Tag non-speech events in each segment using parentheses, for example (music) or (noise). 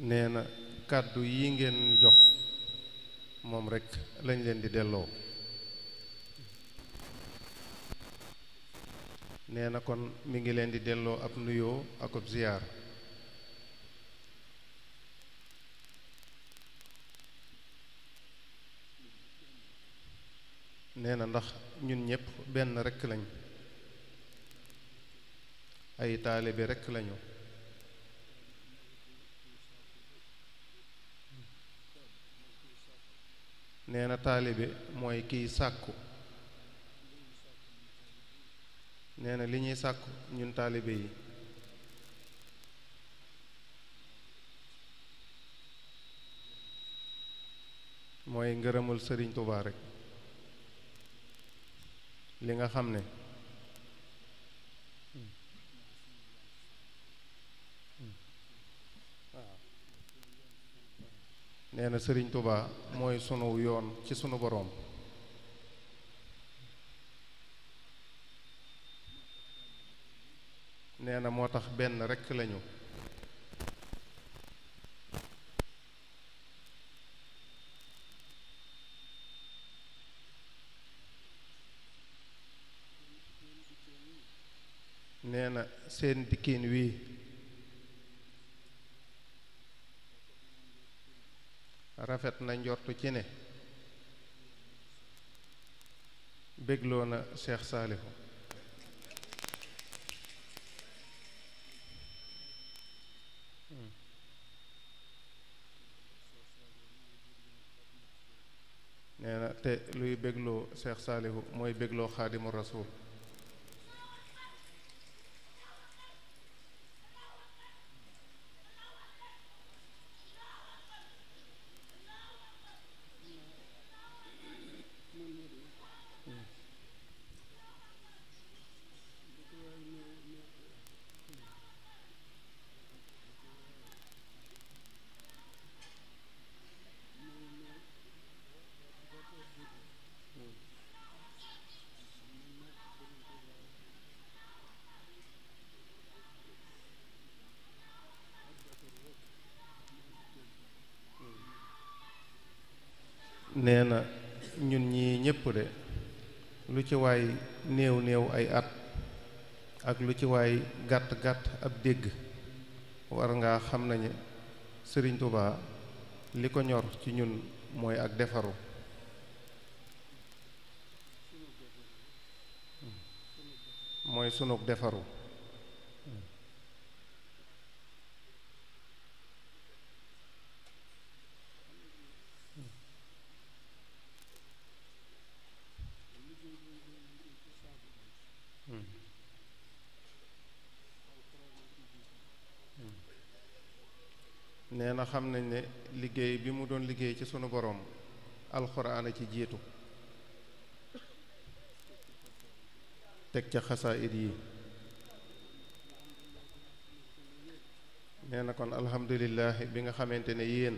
nee na kàddu yi ngeen jox moom rekk lañ leen di delloo neena na kon mi ngi leen di delloo ab nuyoo ak ab ziyaar nee na ndax ñun ñépp benn rekk lañ ay taalibe rekk lañu nee na taalibe mooy kiy sàkku nee na li ñuy sàkku ñun taalibe yi mooy ngërëmul sëriñ Tuubaa rekk li nga xam ne neena serigne touba moy sunu yoon ci sunu borom neena motax ben rek lañu neena na seen dikkiin wii rafet na njortu ci ne bégloo na Cheikh Saalihu nee na te luy bégloo Cheikh Saalihu mooy bégloo Xaadimu rasul nee na ñun ñii ñépp de lu ci waay néew néew ay at ak lu ci waay gàtt gàtt ab dégg war ngaa xam nañu Sëriñ Tuubaa li ko ñor ci ñun mooy ak defaru mooy sunug defaru xam nañ ne liggéey bi mu doon liggéey ci sunu boroom alxuraan a ci jiitu teg ca xasaayid yi nee na kon alhamdulillah bi nga xamante ne yéen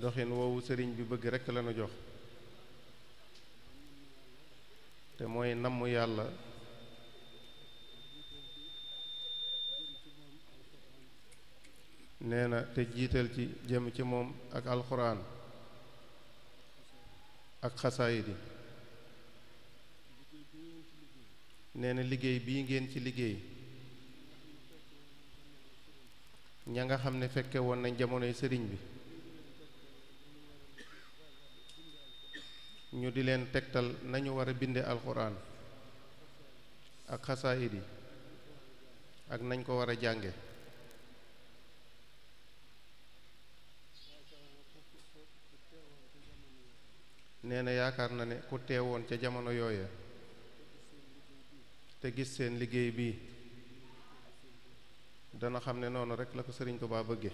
doxin woowu sëriñ bi bëgg rekk lañu jox te mooy namm yàlla nee na te jiital ci jëm ci moom ak alxuraan ak xasaayidi nee na liggéey bii ngeen ci liggéey ña nga xam ne fekke woon nañ jamonoy sëriñ bi ñu di leen tegtal nañu war a binde alxuraan ak xasaayidi ak nañ ko war a jànge nee na yaakaar na ne ku teewoon ca jamono yooya te gis seen liggéey bi dana xam ne noonu rek la ko Sëriñ Tuubaa bëgge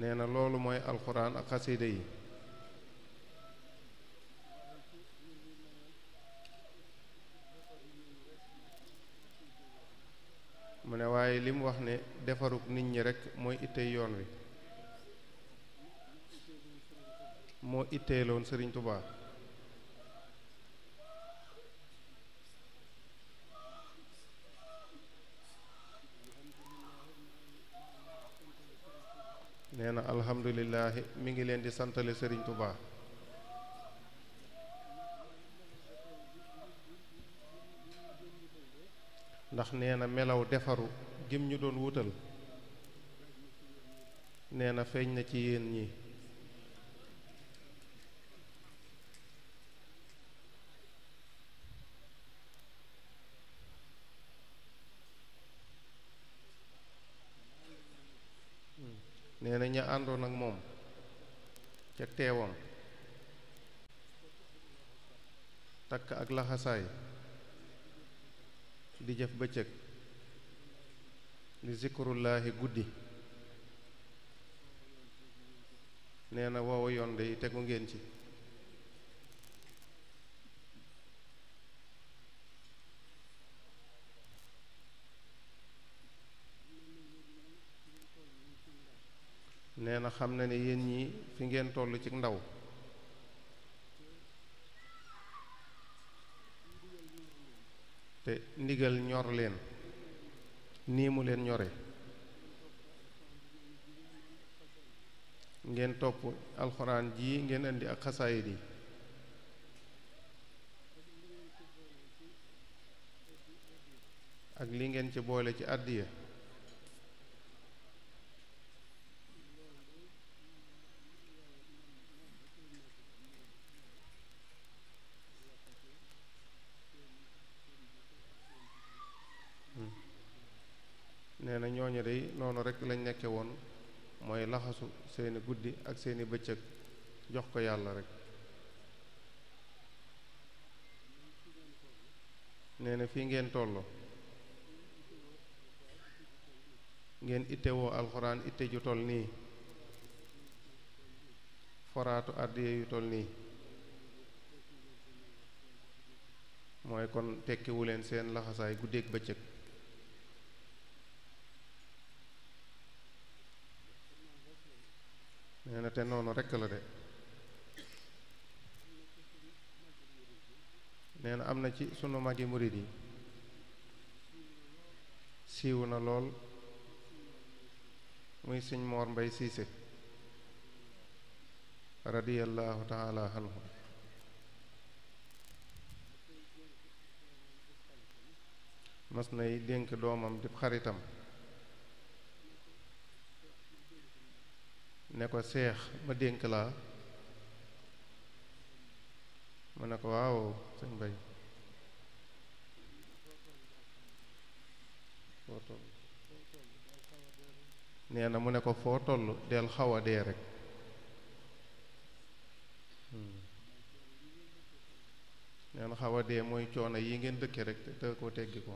nee na loolu mooy alxuraan ak xasida yi mu ne waaye li wax ne defarug nit ñi rek mooy ittey yoon wi moo itteeloon Sëriñ Tubaa nee na alhamdulilahi mi ngi leen di santale Sëriñ Tubaa ndax nee na melaw defaru gim ñu doon wutal nee na feeñ na ci yéen ñi nee na ña àndoon ak moom ca teewam takk ak laxasaay di jëf bëccëg di zikrullaahi guddi nee na woowu yoon de tegu ngéen ci nee na xam na ne yéen yi fi ngeen tollu ci ndaw te ndigal ñor leen nii mu leen ñore ngeen topp alxuraan ji ngeen indi ak xasaayid yi ak li ngeen ci boole ci àddiya nee na ñooñu noonu rek lañ nekke woon mooy laxasu seeni guddi ak seeni bëccëg jox ko yàlla rek nee fii ngeen toll ngeen ittewoo alxuraan itte ju toll nii foraatu àddiya yu toll nii mooy kon tekkiwu leen seen laxasaay guddeek bëccëg nee na te noonu rekk la de nee na am na ci sunu magi murid yi siiw na lool muy sëñ Moor Mbay Siise radiyallahu taala anhu mas nay dénk doomam di xaritam ne ko seex ma dénk laa mu ne ko waaw sëñ bay foo toll nee na mu ne ko foo toll del xaw a dee rek hmm. nee na xaw a dee mooy coono yi ngeen dëkke rek te ko teggi ko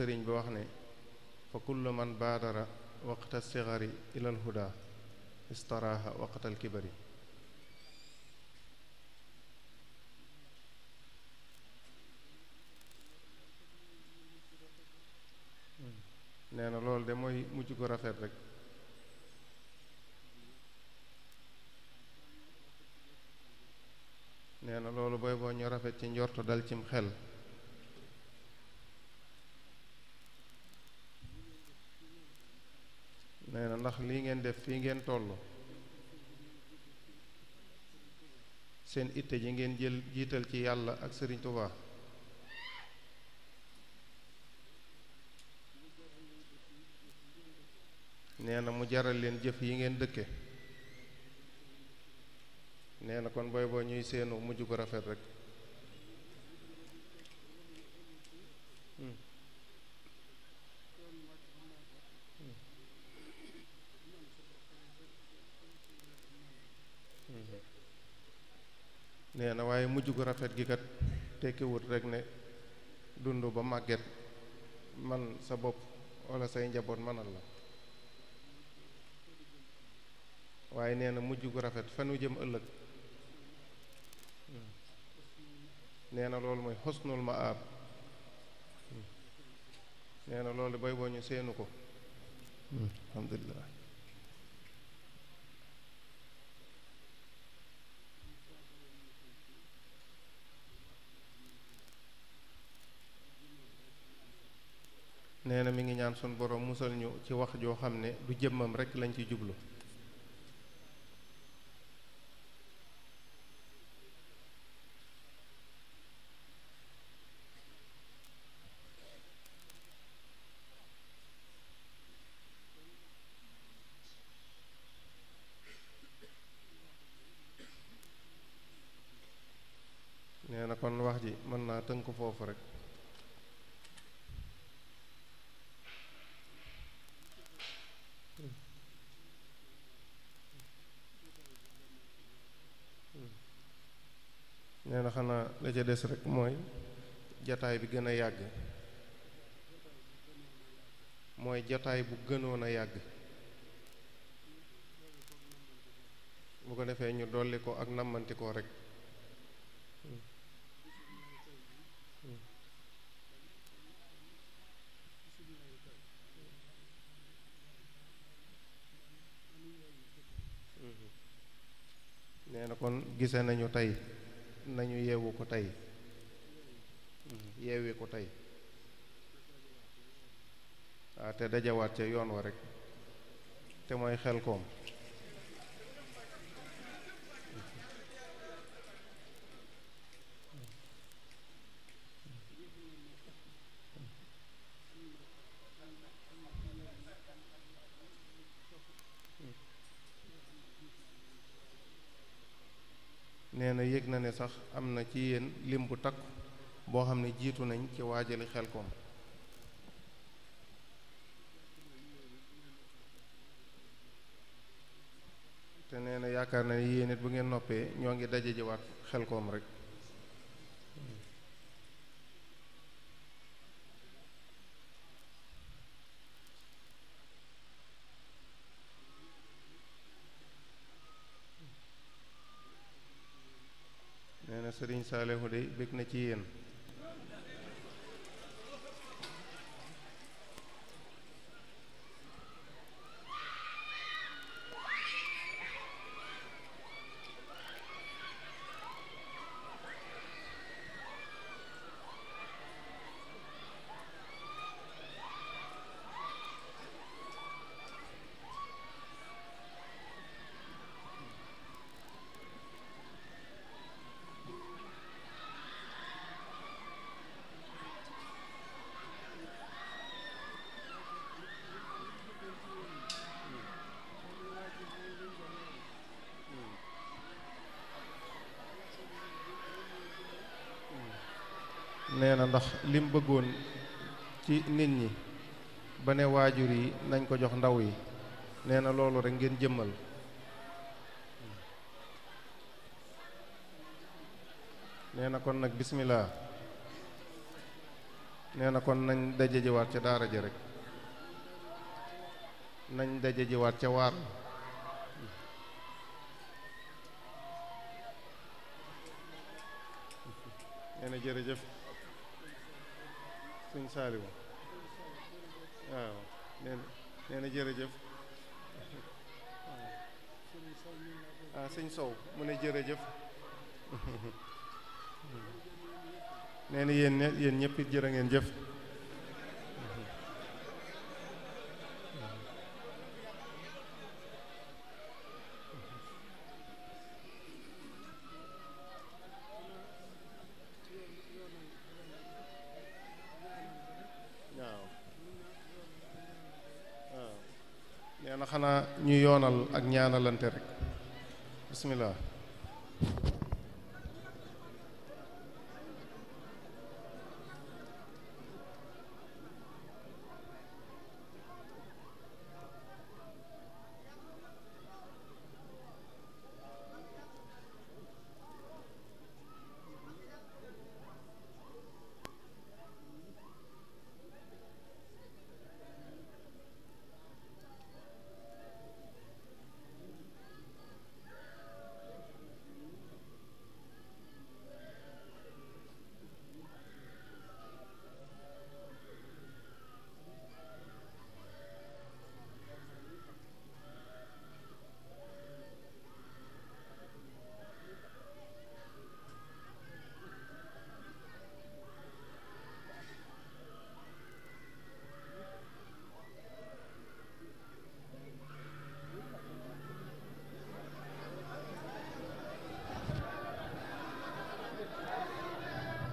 sëriñ ba wax ne fa kullu man baadara waqta sigari ilal huda istaraaha waqtal kibari nee na loolu de mooy mujj ko rafet rek nee na loolu booy boo ñu rafet ci njorto dal cim xel nee na ndax lii ngeen def fii ngeen toll seen itte ji ngeen jël jiital ci yàlla ak sëriñ Tuubaa nee na mu jaral leen jëf yi ngeen dëkke nee na kon booy boo ñuy seenu mujj gu rafet rek nee na waaye mujj gu rafet gi kat tekkiwut rek ne dund ba màgget man sa bopp walla say njaboot manal la waaye nee na mujj gu rafet fanu jëm ëllëg nee na loolu mooy xosnul ma aab nee na loolu bay boo ñu seenu ko mm. alhamdulilah nee na mi ngi ñaan sun borom musal ñu ci wax joo xam ne du jëmmam rekk lañ ci jublu nee kon wax ji mën naa tënk foofu rek nee na xanaa la ca des rek mooy jataay bi gën a yàgg mooy jataay bu gënoon a yàgg bu ko defee ñu dolli ko ak nammanti ko rek nee na kon gise nañu tey nañu yeewu ko tey yeewi ko tey waaw ah, te dajawaat ca yoon wa rek te mooy xel koom sax am na ci yéen lim bu takku boo xam ne jiitu nañ ci waajali Xelkom te nee na yaakaar na yéen it bu ngeen noppee ñoo ngi daje jiwaat Xelkom rek sëriñ Saalihu de bég na ci yéen ndax lim bëggoon ci nit ñi ba ne waajur yi nañ ko jox ndaw yi nee na loolu rek ngeen jëmmal nee na kon nag bismillah nee na kon nañ daje jiwaat ca daara ja rek nañ daje jiwaat ca waar nee na jërëjëf suñ Saaliwu waaw nee na nee na jërëjëf ah sëñ Sow mu ne jërëjëf (laughs) nee na yéen yéen ñëpp jër jërë ngeen jëf xanaa ñu yoonal ak ñaanalante rek bisimilah.